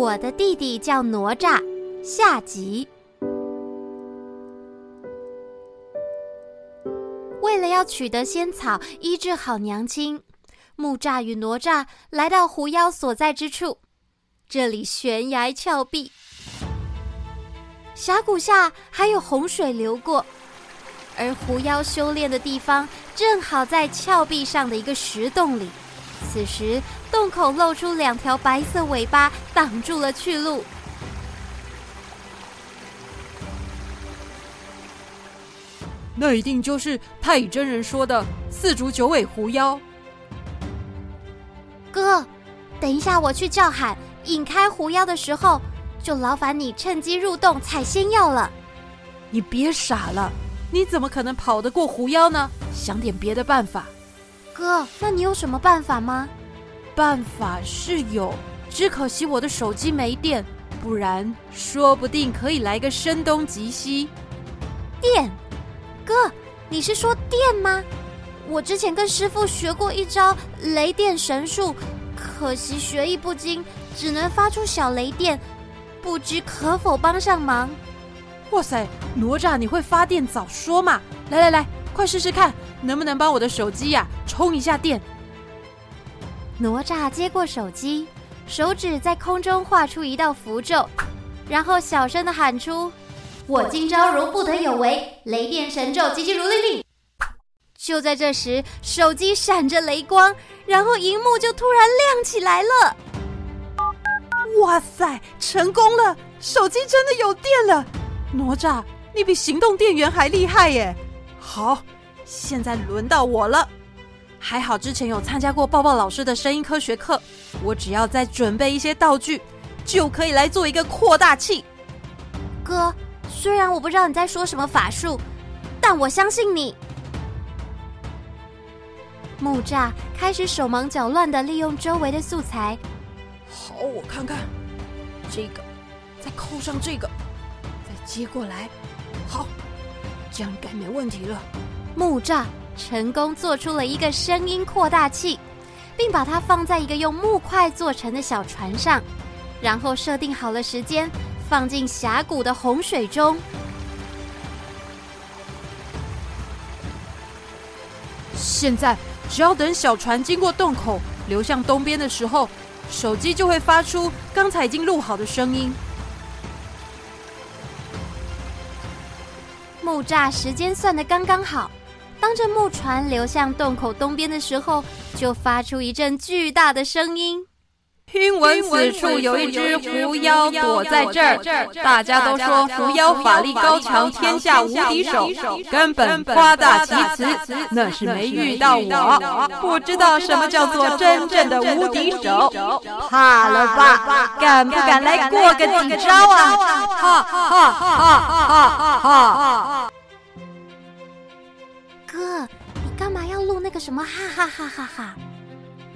我的弟弟叫哪吒，下集。為了要取得仙草，醫治好娘親，木吒與哪吒來到狐妖所在之處。這裡懸崖峭壁，峽谷下還有洪水流過，而狐妖修煉的地方正好在峭壁上的一個石洞裡。此時。洞口露出兩條白色尾巴，擋住了去路。那一定就是太乙真人說的四足九尾狐妖。哥，等一下我去叫喊，引開狐妖的時候，就勞煩你趁機入洞採仙藥了。你別傻了，你怎麼可能跑得過狐妖呢？想點別的辦法。哥，那你有什麼辦法嗎？辦法是有，只可惜我的手機沒電，不然說不定可以來個聲東擊西。電，哥，你是說電嗎？我之前跟師傅學過一招雷電神術，可惜學藝不精，只能發出小雷電，不知可否幫上忙？哇塞，哪吒你會發電早說嘛！來來來，快試試看能不能幫我的手機呀、啊，充一下電。哪吒接過手機，手指在空中畫出一道符咒，然後小聲地喊出：“我今朝如不得有為，雷電神咒急急如律令。”就在這時，手機閃着雷光，然後熒幕就突然亮起來了。哇塞，成功了！手機真的有電了。哪吒，你比行動電源還厲害耶！好，現在輪到我了。還好之前有參加過抱抱老師的聲音科學課，我只要再準備一些道具，就可以來做一個擴大器。哥，雖然我不知道你在說什麼法術，但我相信你。木柵開始手忙腳亂的利用周圍的素材。好，我看看這個，再扣上這個，再接過來，好，這樣應該沒問題了。木柵。成功做出了一個聲音擴大器，並把它放在一個用木塊做成的小船上，然後設定好了時間，放進峽谷的洪水中。現在只要等小船經過洞口流向東邊的時候，手機就會發出剛才已經錄好的聲音。木柵時間算得剛剛好。當這木船流向洞口東邊的時候，就發出一陣巨大的聲音。聽聞此處有一隻狐妖躲在這兒，躲躲躲，大家都說狐妖法力高強，天下無敵手，根本誇大其詞，那是沒遇到我，不知道什麼叫做真正的無敵手。怕了吧？了吧，敢不敢來過個幾招啊？哈哈哈哈哈哈！哥，你幹嘛要錄那個什麼哈哈哈哈哈哈？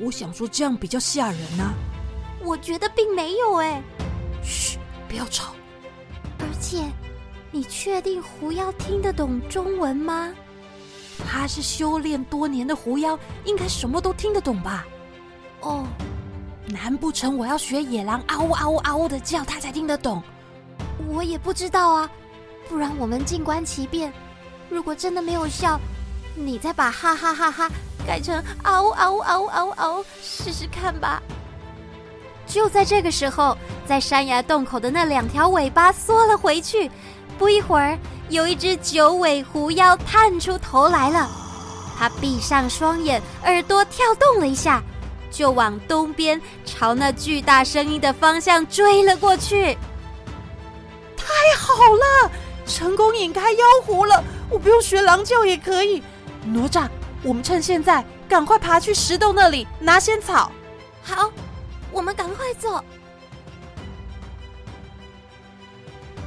我想說這樣比較嚇人呢啊。我覺得並沒有哎。噓，不要吵。而且，你確定狐妖聽得懂中文嗎？他是修煉多年的狐妖，應該什麼都聽得懂吧？哦，Oh，難不成我要學野狼嗷嗷嗷嗷嗷的叫，他才聽得懂？我也不知道啊。不然我們靜觀其變。如果真的沒有笑。你再把哈哈哈哈改成嗷嗷嗷嗷嗷，試試看吧。就在這個時候，在山崖洞口的那兩條尾巴縮了回去。不一會兒，有一隻九尾狐妖探出頭來了，它閉上雙眼，耳朵跳動了一下，就往東邊朝那巨大聲音的方向追了過去。太好了，成功引開妖狐了，我不用學狼叫也可以。哪吒，我們趁現在趕快爬去石洞那裡拿仙草。好，我們趕快走。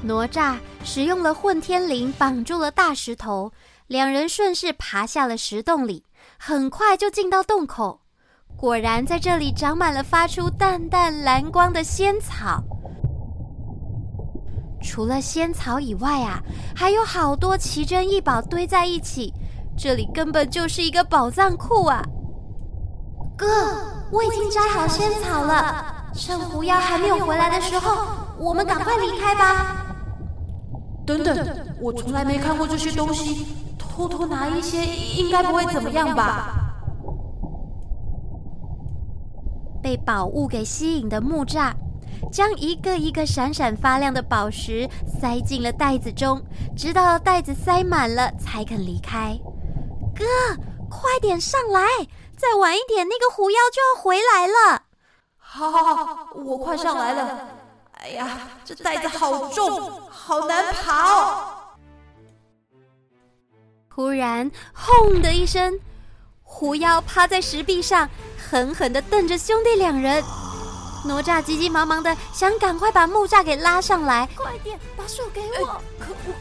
哪吒使用了混天綾綁住了大石頭，兩人順勢爬下了石洞裡，很快就進到洞口。果然在這裡長滿了發出淡淡藍光的仙草。除了仙草以外啊，還有好多奇珍異寶堆在一起。這裡根本就是一個寶藏庫啊！哥，我已經摘好仙草了，啊、我好了，趁狐妖還沒，我還沒有回來的時候，我們趕快離開吧。等等，我從來沒看過這些東西，偷偷拿一些應該，應該不會怎麼樣吧？被寶物給吸引的木柵，將一個一個閃閃發亮的寶石塞進了袋子中，直到袋子塞滿了才肯離開。哥，快點上來！再晚一點，那個狐妖就要回來了。好好好，我快上來了。來了，哎呀，這袋子好重，好難爬哦！忽然，轟的一聲，狐妖趴在石壁上，狠狠的瞪着兄弟兩人。哪吒急急忙忙的想趕快把木柵給拉上來，快點，把手給我！可我，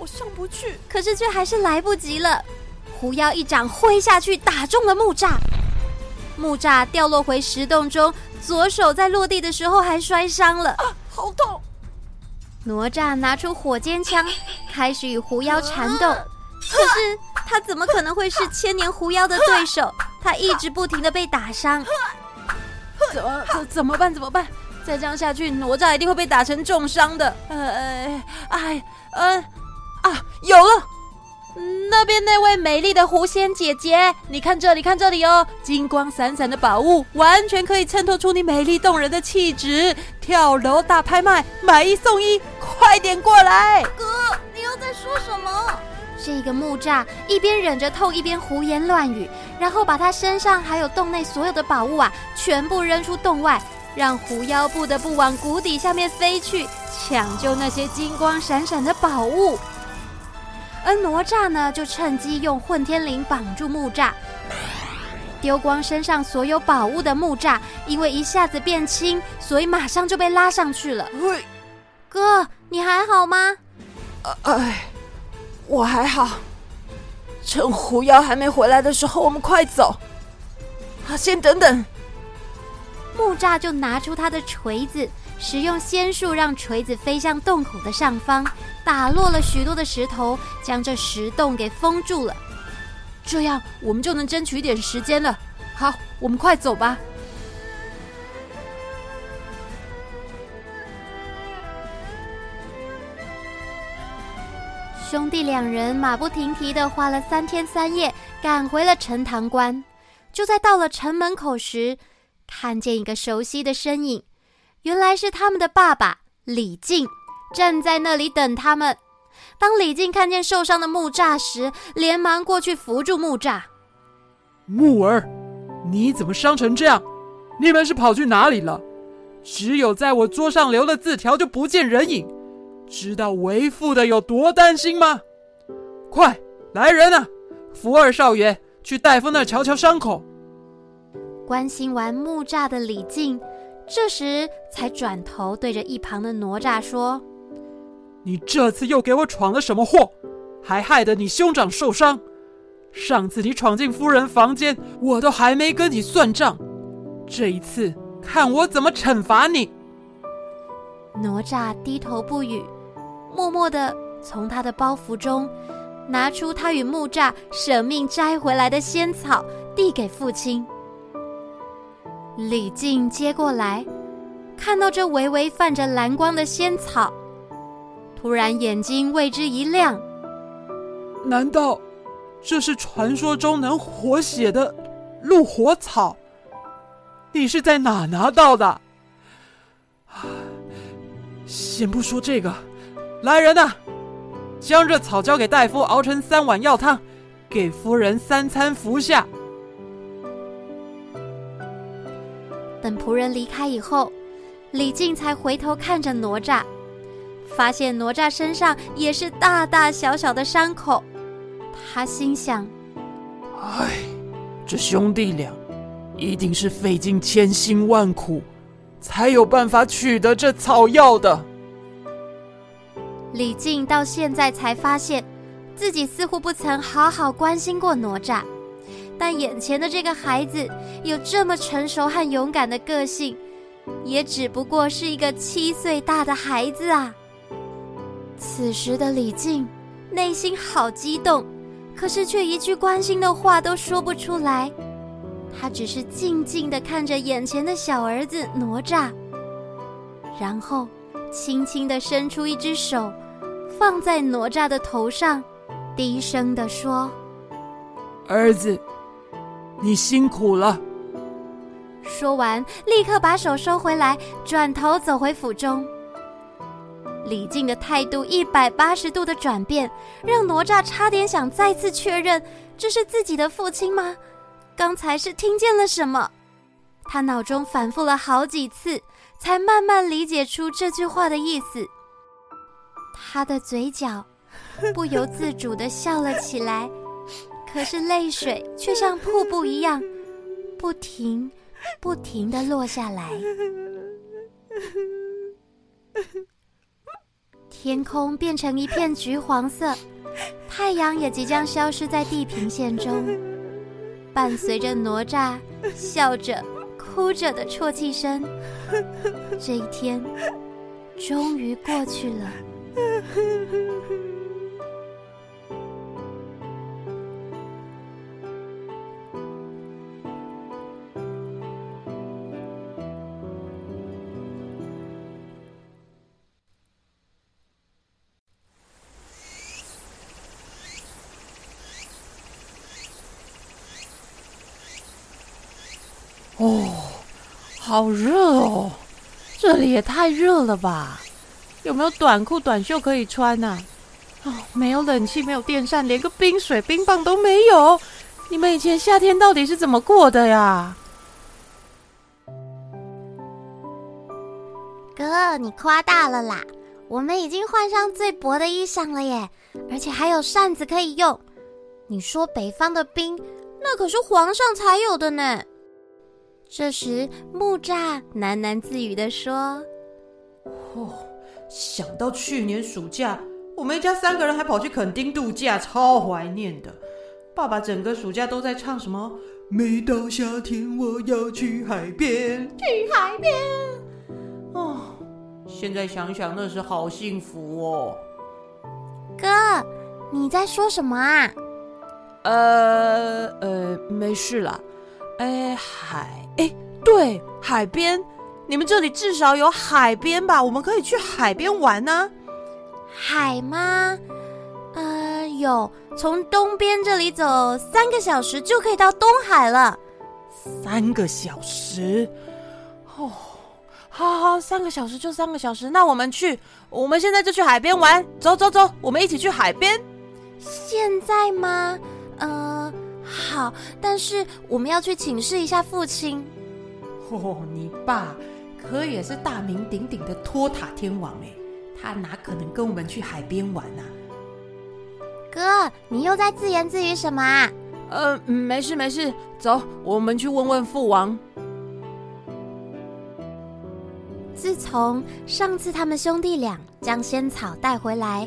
我上不去。可是卻還是來不及了。狐妖一掌揮下去，打中了木柵。木柵掉落回石洞中，左手在落地的時候還摔傷了，啊、好痛！哪吒拿出火尖槍，開始與狐妖纏鬥，可是他怎麼可能會是千年狐妖的對手？他一直不停的被打傷，怎怎、啊、怎麼辦？怎麼辦？再這樣下去，哪吒一定會被打成重傷的。哎哎哎，哎，啊，啊有了！那邊那位美麗的狐仙姐姐，你看這裡，看這裡哦，金光閃閃的寶物完全可以襯托出你美麗動人的氣質。跳樓大拍賣，買一送一，快點過來！哥，你又在說什麼？這個木柵一邊忍着痛，一邊胡言亂語，然後把他身上還有洞內所有的寶物啊，全部扔出洞外，讓狐妖不得不往谷底下面飛去，搶救那些金光閃閃的寶物。而哪吒呢，就趁機用混天綾綁住木吒，丟光身上所有寶物的木吒，因為一下子變輕，所以馬上就被拉上去了。喂，哥，你還好嗎？哎、呃呃，我還好。趁狐妖還沒回來的時候，我們快走。啊，先等等。木吒就拿出他的錘子。使用仙術讓錘子飛向洞口的上方，打落了許多的石頭，將這石洞給封住了。這樣我們就能爭取一點時間了。好，我們快走吧。兄弟兩人馬不停蹄的花了三天三夜趕回了陳塘關。就在到了城門口時，看見一個熟悉的身影。原來是他們的爸爸李靖站在那裡等他們。當李靖看見受傷的木柵時，連忙過去扶住木柵。木兒，你怎麼傷成這樣？你們是跑去哪裡了？只有在我桌上留了字條，就不見人影。知道為父的有多擔心嗎？快來人啊！扶二少爺去大夫那兒瞧瞧傷口。關心完木柵的李靖。這時才轉頭對着一旁的哪吒說：“你這次又給我闖了什麼禍？還害得你兄長受傷。上次你闖進夫人房間，我都還沒跟你算賬。這一次，看我怎麼懲罰你。”哪吒低頭不語，默默的從他的包袱中拿出他與木吒舍命摘回來的仙草，遞給父親。李靖接過來，看到這微微泛着藍光的仙草，突然眼睛為之一亮。難道這是傳說中能活血的鹿火草？你是在哪拿到的？啊，先不說這個，來人吶，啊，將這草交給大夫熬成三碗藥湯，給夫人三餐服下。等僕人離開以後，李靖才回頭看着哪吒，發現哪吒身上也是大大小小的傷口。他心想：“哎，這兄弟倆，一定是費盡千辛萬苦，才有辦法取得這草藥的。”李靖到現在才發現，自己似乎不曾好好關心過哪吒。但眼前的這個孩子有這麼成熟和勇敢的個性，也只不過是一個七歲大的孩子啊。此時的李靖內心好激動，可是卻一句關心的話都說不出來。他只是靜靜的看着眼前的小兒子哪吒，然後輕輕的伸出一隻手，放在哪吒的頭上，低聲的說：“兒子。”你辛苦了。說完，立刻把手收回來，轉頭走回府中。李靖的態度一百八十度的轉變，讓哪吒差點想再次確認：這是自己的父親嗎？剛才是聽見了什麼？他腦中反覆了好幾次，才慢慢理解出這句話的意思。他的嘴角不由自主的笑了起來。 可是淚水卻像瀑布一樣，不停、不停的落下來。天空變成一片橘黃色，太陽也即將消失在地平線中。伴隨着哪吒笑着、哭着的啜泣聲，這一天終於過去了。好熱哦，這裡也太熱了吧！有沒有短褲、短袖可以穿啊？哦，沒有冷氣，沒有電扇，連個冰水、冰棒都沒有。你們以前夏天到底是怎麼過的呀？哥，你誇大了啦！我們已經換上最薄的衣裳了耶，而且還有扇子可以用。你說北方的冰，那可是皇上才有的呢。這時，木柵喃喃自語的說：“哦，想到去年暑假，我們一家三個人還跑去墾丁度假，超懷念的。爸爸整個暑假都在唱什麼？每到夏天，我要去海邊，去海邊。哦，現在想想，那時好幸福哦。哥，你在說什麼啊？呃呃，沒事了。哎，海。”哎，對，海邊，你們這裡至少有海邊吧？我們可以去海邊玩呢、啊。海嗎？嗯、呃，有，從東邊這裡走三個小時就可以到東海了。三個小時？哦，好好，三個小時就三個小時，那我們去，我們現在就去海邊玩，走走走，我們一起去海邊。現在嗎？嗯、呃。好，但是我們要去請示一下父親。哦，你爸可也是大名鼎鼎的托塔天王，他哪可能跟我們去海邊玩啊。哥，你又在自言自語什麼啊？呃，沒事沒事，走，我們去問問父王。自從上次他們兄弟倆將仙草帶回來。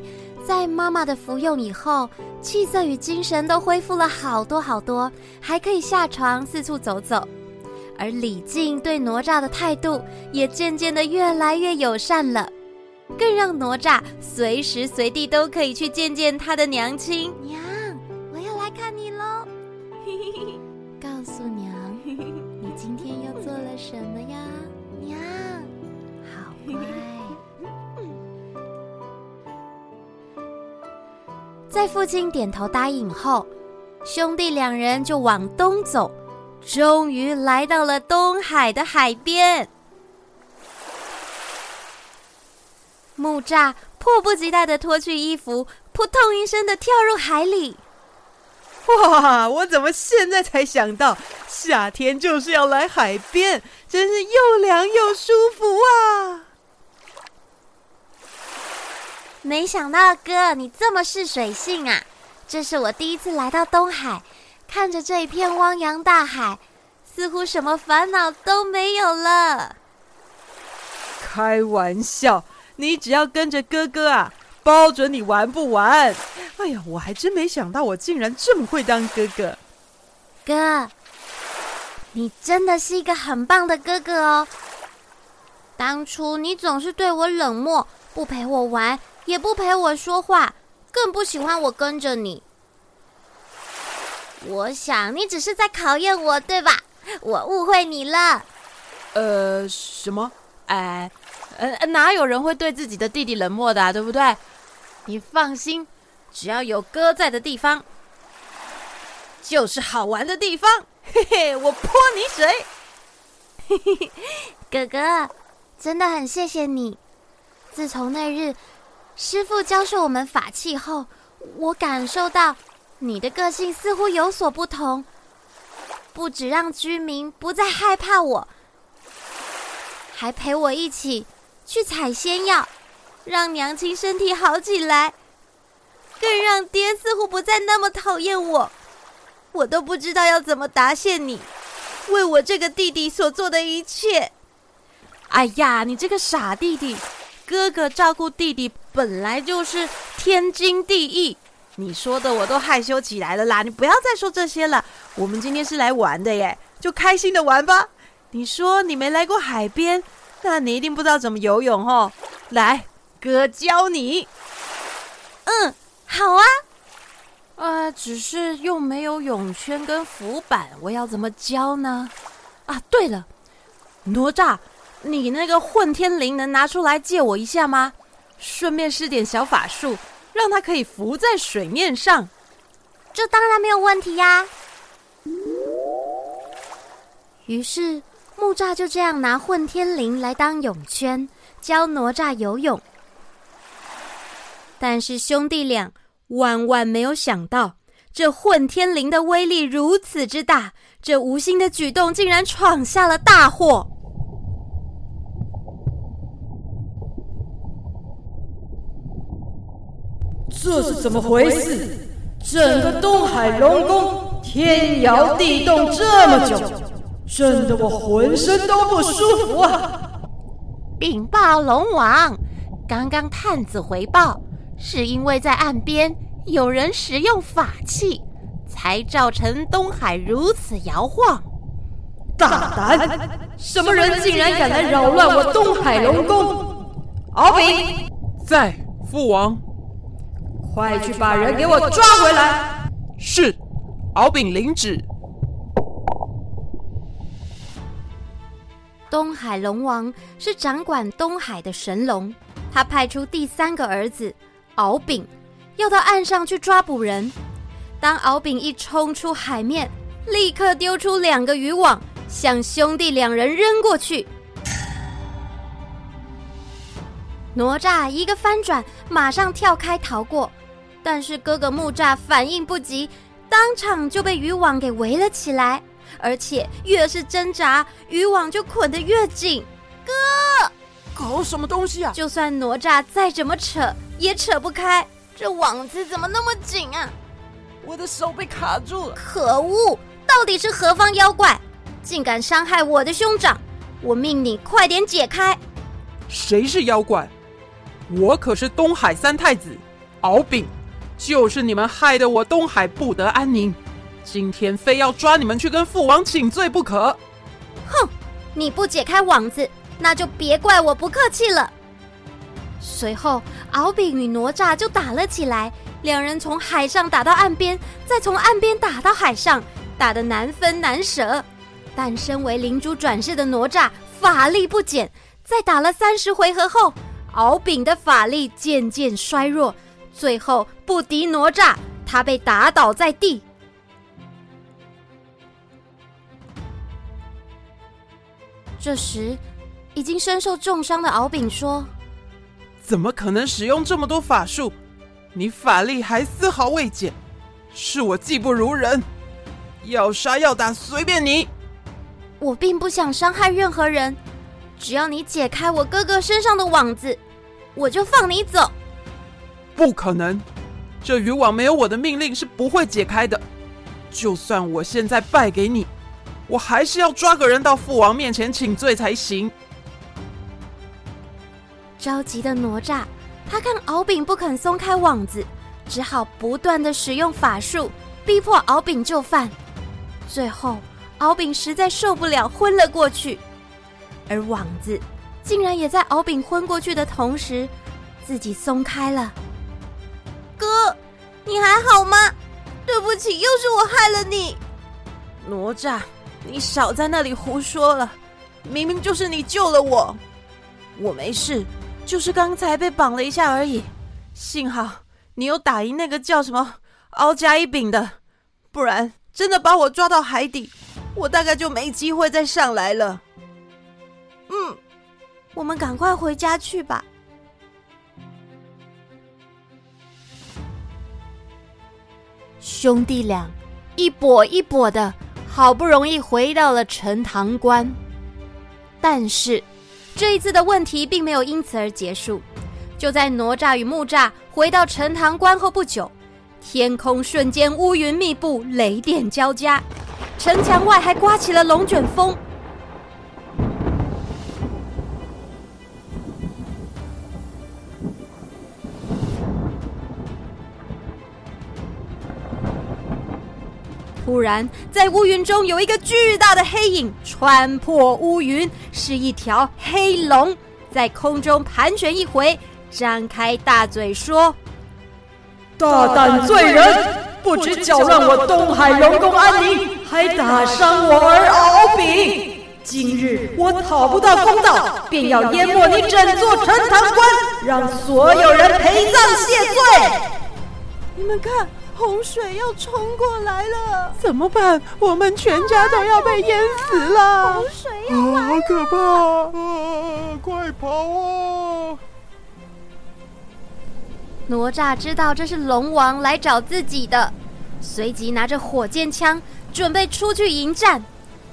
在媽媽的服用以後，氣色與精神都恢復了好多好多，還可以下床四處走走。而李靖對哪吒的態度也漸漸的越來越友善了，更讓哪吒隨時隨地都可以去見見他的娘親。娘，我要來看你嘍！ 告訴娘。在父親點頭答應後，兄弟兩人就往東走，終於來到了東海的海邊。木柵迫不及待地脫去衣服，撲通一聲地跳入海裡。哇！我怎麼現在才想到，夏天就是要來海邊，真是又涼又舒服啊！沒想到哥，你這麼識水性啊！這是我第一次來到東海，看着這一片汪洋大海，似乎什麼煩惱都沒有了。開玩笑，你只要跟着哥哥啊，包準你玩不完！哎呀，我還真沒想到，我竟然這麼會當哥哥。哥，你真的是一個很棒的哥哥哦。當初你總是對我冷漠，不陪我玩。也不陪我說話，更不喜歡我跟着你。我想你只是在考驗我，對吧？我誤會你了。呃，什麼？哎，呃，哪有人會對自己的弟弟冷漠的啊，對不對？你放心，只要有哥在的地方，就是好玩的地方。嘿嘿，我潑你水。 哥哥，真的很謝謝你。自從那日。師傅教授我們法器後，我感受到你的個性似乎有所不同。不止讓居民不再害怕我，還陪我一起去採仙藥，讓娘親身體好起來，更讓爹似乎不再那麼討厭我。我都不知道要怎麼答謝你，為我這個弟弟所做的一切。哎呀，你這個傻弟弟，哥哥照顧弟弟，本來就是天經地義，你說的我都害羞起來了啦！你不要再說這些了，我們今天是來玩的耶，就開心的玩吧。你說你沒來過海邊，那你一定不知道怎麼游泳哦。來，哥教你。嗯，好啊。啊、呃，只是又沒有泳圈跟浮板，我要怎麼教呢？啊，對了，哪吒，你那個混天綾能拿出來借我一下嗎？順便施點小法術，讓他可以浮在水面上，這當然沒有問題呀、啊。於是木吒就這樣拿混天綾來當泳圈教哪吒游泳。但是兄弟倆萬萬沒有想到，這混天綾的威力如此之大，這無心的舉動竟然闖下了大禍。這是怎麼回事？整個東海龍宮天搖地動這麼久，震得我渾身都不舒服啊！稟報龍王，剛剛探子回報，是因為在岸邊有人使用法器，才造成東海如此搖晃。大膽！什麼人竟然敢來擾亂我東海龍宮？敖丙。在，父王。快去把人給我抓回來！是，敖丙領旨。東海龍王是掌管東海的神龍，他派出第三個兒子敖丙，要到岸上去抓捕人。當敖丙一衝出海面，立刻丟出兩個漁網，向兄弟兩人扔過去。哪吒一個翻轉，馬上跳開逃過。但是哥哥木吒反應不及，當場就被漁網給圍了起來，而且越是掙扎，漁網就捆得越緊。哥，搞什麼東西啊？就算哪吒再怎麼扯，也扯不開，這網子怎麼那麼緊啊？我的手被卡住了！可惡，到底是何方妖怪，竟敢傷害我的兄長？我命你快點解開！誰是妖怪？我可是東海三太子，敖丙。就是你們害得我東海不得安寧，今天非要抓你們去跟父王請罪不可！哼，你不解開網子，那就別怪我不客氣了。隨後，敖丙與哪吒就打了起來，兩人從海上打到岸邊，再從岸邊打到海上，打得難分難捨。但身為靈珠轉世的哪吒法力不減，在打了三十回合後，敖丙的法力漸漸衰弱。最後不敵哪吒，他被打倒在地。這時，已經身受重傷的敖丙說：“怎麼可能使用這麼多法術？你法力還絲毫未減，是我技不如人。要殺要打隨便你。我並不想傷害任何人，只要你解開我哥哥身上的網子，我就放你走。”不可能，這漁網沒有我的命令是不會解開的。就算我現在敗給你，我還是要抓個人到父王面前請罪才行。着急的哪吒，他看敖丙不肯鬆開網子，只好不斷的使用法術逼迫敖丙就範。最後，敖丙實在受不了，昏了過去，而網子竟然也在敖丙昏過去的同時，自己鬆開了。哥，你還好嗎？對不起，又是我害了你。哪吒，你少在那裡胡說了，明明就是你救了我。我沒事，就是剛才被綁了一下而已。幸好你有打贏那個叫什麼敖加一丙的，不然真的把我抓到海底，我大概就沒機會再上來了。嗯，我們趕快回家去吧。兄弟倆一跛一跛的，好不容易回到了陳塘關。但是，這一次的問題並沒有因此而結束。就在哪吒與木吒回到陳塘關後不久，天空瞬間烏雲密布，雷電交加，城牆外還颳起了龍捲風。突然，在烏雲中有一個巨大的黑影穿破烏雲，是一條黑龍，在空中盤旋一回，張開大嘴說：“大膽罪人，不止攪亂我東海龍宮安寧，還打傷我兒敖丙。今日我討不到公道，便要淹沒你整座陳塘關，讓所有人陪葬謝罪。”你們看。洪水要衝過來了！怎麼辦？我們全家都要被淹死了！洪水呀、啊啊啊啊！好可怕！啊，啊快跑啊！哪吒知道這是龍王來找自己的，隨即拿着火尖槍準備出去迎戰，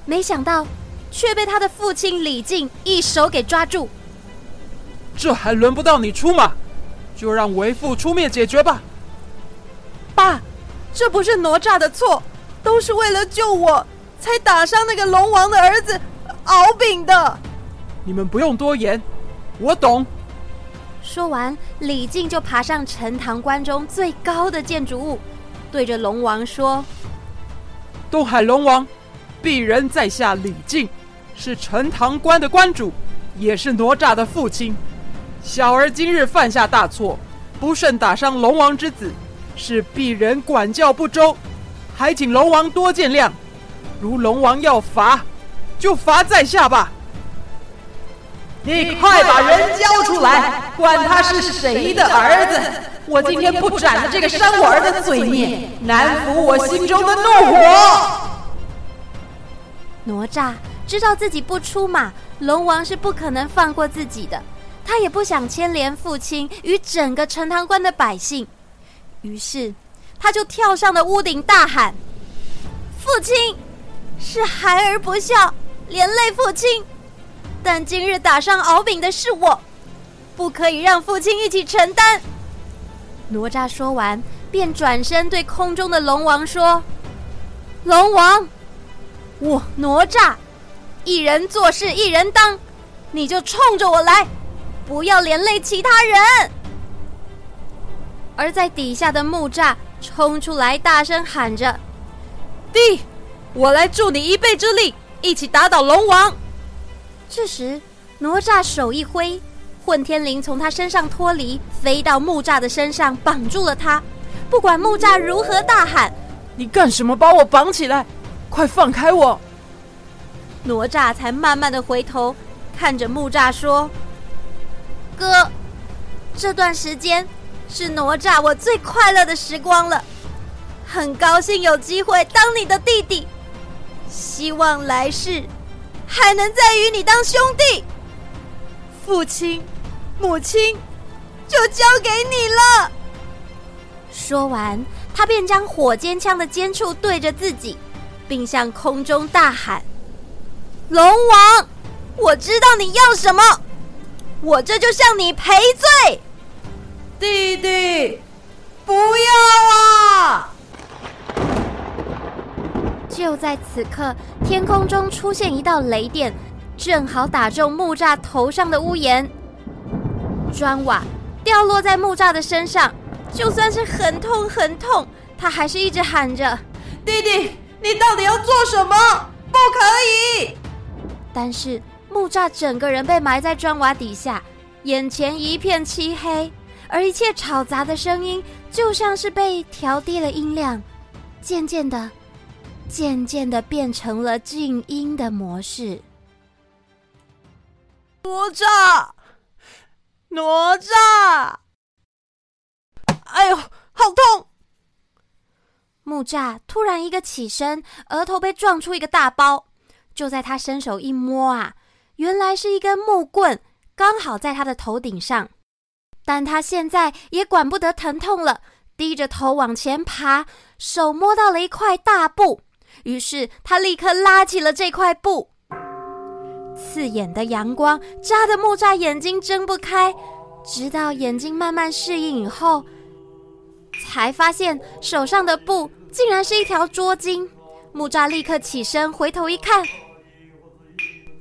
沒想到卻被他的父親李靖一手給抓住。這還輪不到你出馬，就讓為父出面解決吧。爸，這不是哪吒的錯，都是為了救我才打傷那個龍王的兒子敖丙的。你們不用多言，我懂。說完，李靖就爬上陳塘關中最高的建築物，對着龍王說：“東海龍王，鄙人在下李靖，是陳塘關的關主，也是哪吒的父親。小兒今日犯下大錯，不慎打傷龍王之子。”是鄙人管教不周，還請龍王多見諒。如龍王要罰，就罰在下吧。你快把人交出來！出來管，他管他是誰的兒子，我今天不斬了這個傷我兒的罪孽，難撫我心中的怒火。哪、啊、吒知道自己不出馬，龍王是不可能放過自己的。他也不想牽連父親與整個陳塘關的百姓。於是，他就跳上了屋頂，大喊：“父親，是孩兒不孝，連累父親。但今日打傷敖丙的是我，不可以讓父親一起承擔。”哪吒說完，便轉身對空中的龍王說：“龍王，我哪吒，一人做事一人當，你就衝着我來，不要連累其他人。”而在底下的木柵衝出來，大聲喊着：“弟，我來助你一臂之力，一起打倒龍王！”這時，哪吒手一揮，混天綾從他身上脫離，飛到木柵的身上，綁住了他。不管木柵如何大喊：“你幹什麼把我綁起來？快放開我！”哪吒才慢慢的回頭看着木柵說：“哥，這段時間……”是哪吒，我最快樂的時光了。很高興有機會當你的弟弟，希望來世還能再與你當兄弟。父親、母親，就交給你了。說完，他便將火尖槍的尖處對着自己，並向空中大喊：“龍王，我知道你要什麼，我這就向你賠罪。”弟弟，不要啊！就在此刻，天空中出現一道雷電，正好打中木柵頭上的屋檐，磚瓦掉落在木柵的身上。就算是很痛很痛，他還是一直喊着：“弟弟，你到底要做什麼？不可以！”但是木柵整個人被埋在磚瓦底下，眼前一片漆黑。而一切吵雜的聲音就像是被調低了音量，漸漸的，漸漸的變成了靜音的模式。哪吒，哪吒！哎呦，好痛！木柵突然一個起身，額頭被撞出一個大包。就在他伸手一摸啊，原來是一根木棍，剛好在他的頭頂上。但他現在也管不得疼痛了，低着頭往前爬，手摸到了一塊大布，於是他立刻拉起了這塊布。刺眼的陽光扎得木柵眼睛睜不開，直到眼睛慢慢適應以後，才發現手上的布竟然是一條桌巾。木柵立刻起身回頭一看，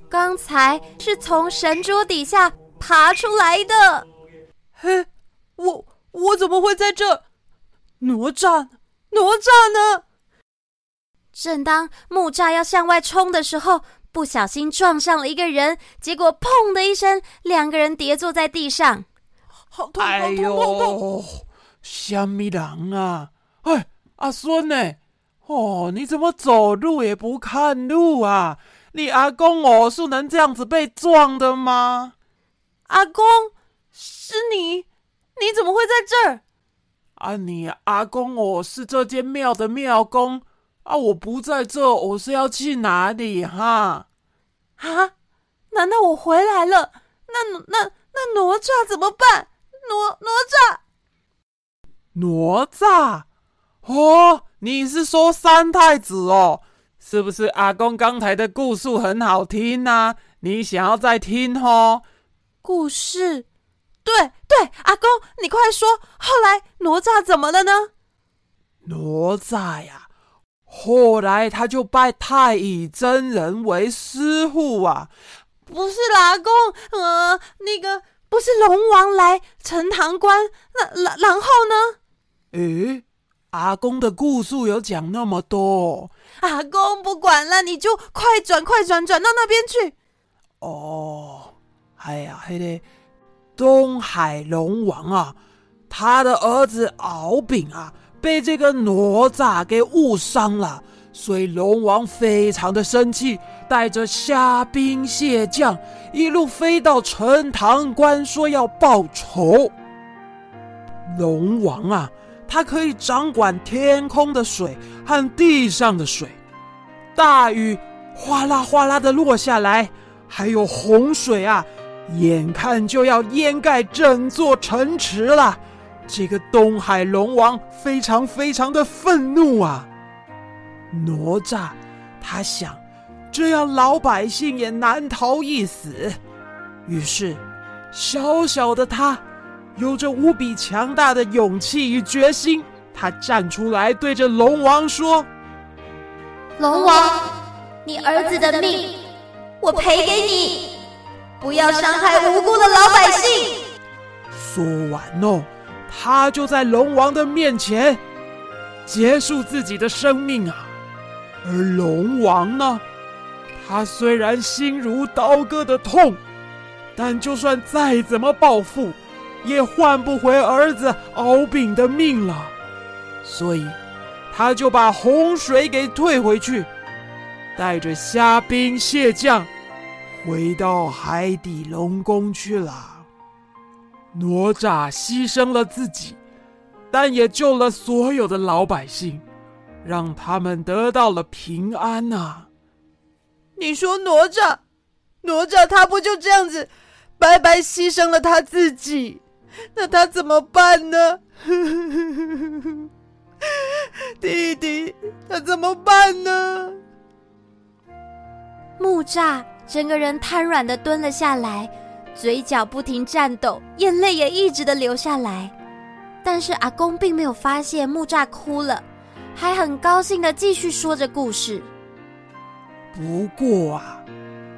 剛才是從神桌底下爬出來的。嘿，我我怎麼會在這？哪吒哪吒呢？正當木柵要向外衝的時候，不小心撞上了一個人，結果砰的一聲，兩個人跌坐在地上。好痛好痛！哎呦，痛痛痛痛。什麼人啊？哎，阿孫呢？哦，你怎麼走路也不看路啊？你阿公我是能這樣子被撞的嗎？阿公。是你？你怎麼會在這兒？啊，你阿公，我是這間廟的廟公啊！我不在這，我是要去哪裡？哈啊？難道我回來了？那那那哪吒怎麼辦？哪哪吒？哪吒？哦，你是說三太子哦？是不是阿公剛才的故事很好聽呢，啊？你想要再聽哦？故事。對對，阿公，你快說，後來哪吒怎麼了呢？哪吒呀，後來他就拜太乙真人為師父啊。不是啦，阿公，呃，那個不是龍王來陳塘關，然後呢？誒，阿公的故事有講那麼多。阿公不管了，你就快轉快轉，轉到那邊去。哦，哎呀，嘿東海龍王啊，他的兒子敖丙啊，被這個哪吒給誤傷了，所以龍王非常的生氣，帶着蝦兵蟹將一路飛到陳塘關，說要報仇。龍王啊，他可以掌管天空的水和地上的水，大雨嘩啦嘩啦的落下來，還有洪水啊。眼看就要淹蓋整座城池了，這個東海龍王非常非常的憤怒啊！哪吒，他想，這樣老百姓也難逃一死。於是，小小的他，有着無比強大的勇氣與決心，他站出來對着龍王說：“龍王，你兒子的命，我賠給你。”不要傷害無辜的老百姓。說完嘍、哦，他就在龍王的面前結束自己的生命啊。而龍王呢，他雖然心如刀割的痛，但就算再怎麼報復，也換不回兒子敖丙的命了。所以，他就把洪水給退回去，帶着蝦兵蟹將。回到海底龍宮去了。哪吒犧牲了自己，但也救了所有的老百姓，讓他們得到了平安啊！你說哪吒，哪吒他不就這樣子白白犧牲了他自己？那他怎麼辦呢？ 弟弟，他怎麼辦呢？木吒。整個人癱軟的蹲了下來，嘴角不停顫抖，眼淚也一直的流下來。但是阿公並沒有發現木柵哭了，還很高興的繼續說着故事。不過啊，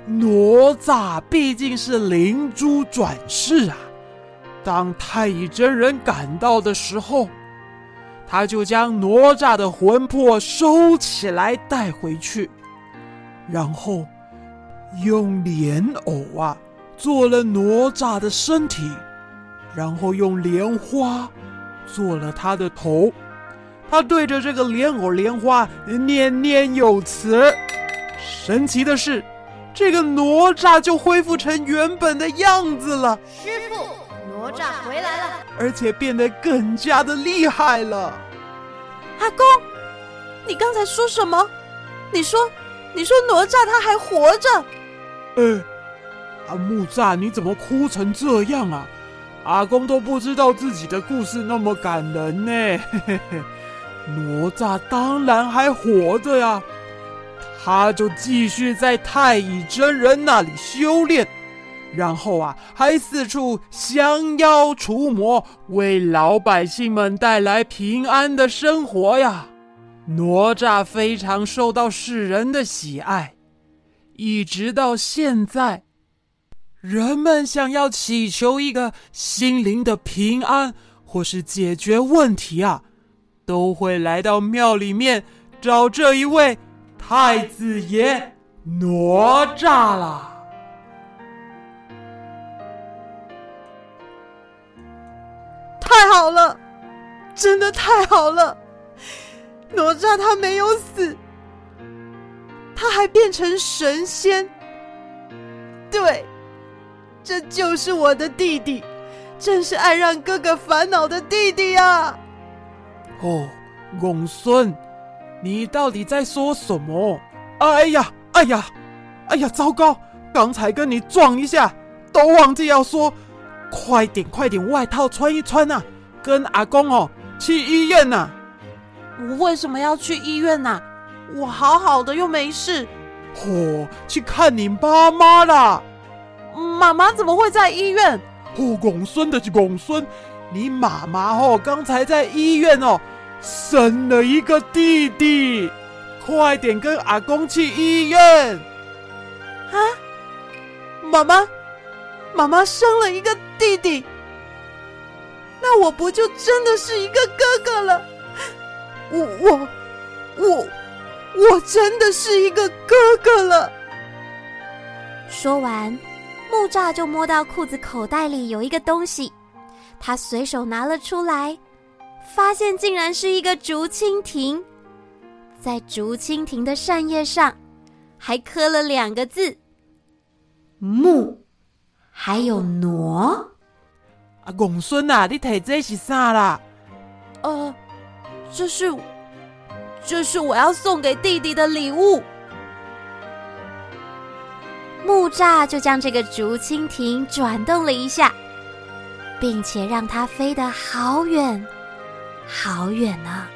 哪吒畢竟是靈珠轉世啊。當太乙真人趕到的時候，他就將哪吒的魂魄收起來帶回去，然後。用蓮藕啊，做了哪吒的身體，然後用蓮花做了他的頭。他對着這個蓮藕蓮花念念有詞。神奇的是，這個哪吒就恢復成原本的樣子了。師父，哪吒回來了，而且變得更加的厲害了。阿公，你剛才說什麼？你說，你說哪吒他還活着？呃，阿木吒，你怎麼哭成這樣啊？阿公都不知道自己的故事那麼感人呢。嘿嘿嘿。哪吒當然還活着呀，他就繼續在太乙真人那裡修煉，然後啊，還四處降妖除魔，為老百姓們帶來平安的生活呀。哪吒非常受到世人的喜愛。一直到現在，人們想要祈求一個心靈的平安，或是解決問題啊，都會來到廟裡面找這一位太子爺哪吒啦。太好了，真的太好了，哪吒他沒有死。他還變成神仙。對，這就是我的弟弟，真是愛讓哥哥煩惱的弟弟呀。哦，公孫，你到底在說什麼？哎呀，哎呀，哎呀，糟糕！剛才跟你撞一下，都忘記要說，快點，快點，外套穿一穿啊，跟阿公哦去醫院吶。我為什麼要去醫院吶？我好好的又沒事，嚯、哦！去看你爸媽啦。媽媽怎麼會在醫院？後公孫的是公孫，你媽媽哦，剛才在醫院哦，生了一個弟弟。快點跟阿公去醫院。啊！媽媽，媽媽生了一個弟弟，那我不就真的是一個哥哥了？我我我。我我真的是一個哥哥了。說完，木柵就摸到褲子口袋裡有一個東西，他隨手拿了出來，發現竟然是一個竹蜻蜓，在竹蜻蜓的扇葉上還刻了兩個字“木”，還有“挪”。啊，公孫吶，啊，你睇，這是啥啦？呃，這是。這是我要送給弟弟的禮物。木柵就將這個竹蜻蜓轉動了一下，並且讓它飛得好遠，好遠呢、啊。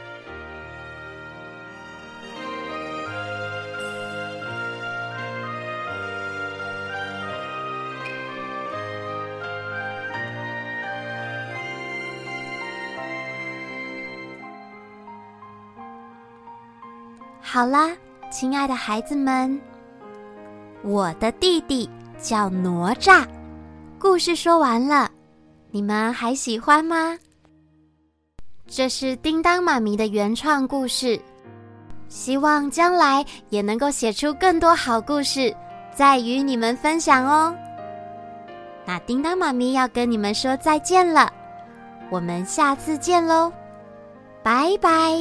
好啦，親愛的孩子們，我的弟弟叫哪吒。故事說完了，你們還喜歡嗎？這是叮噹媽咪的原創故事，希望將來也能夠寫出更多好故事，再與你們分享哦。那叮噹媽咪要跟你們說再見了，我們下次見嘍，拜拜。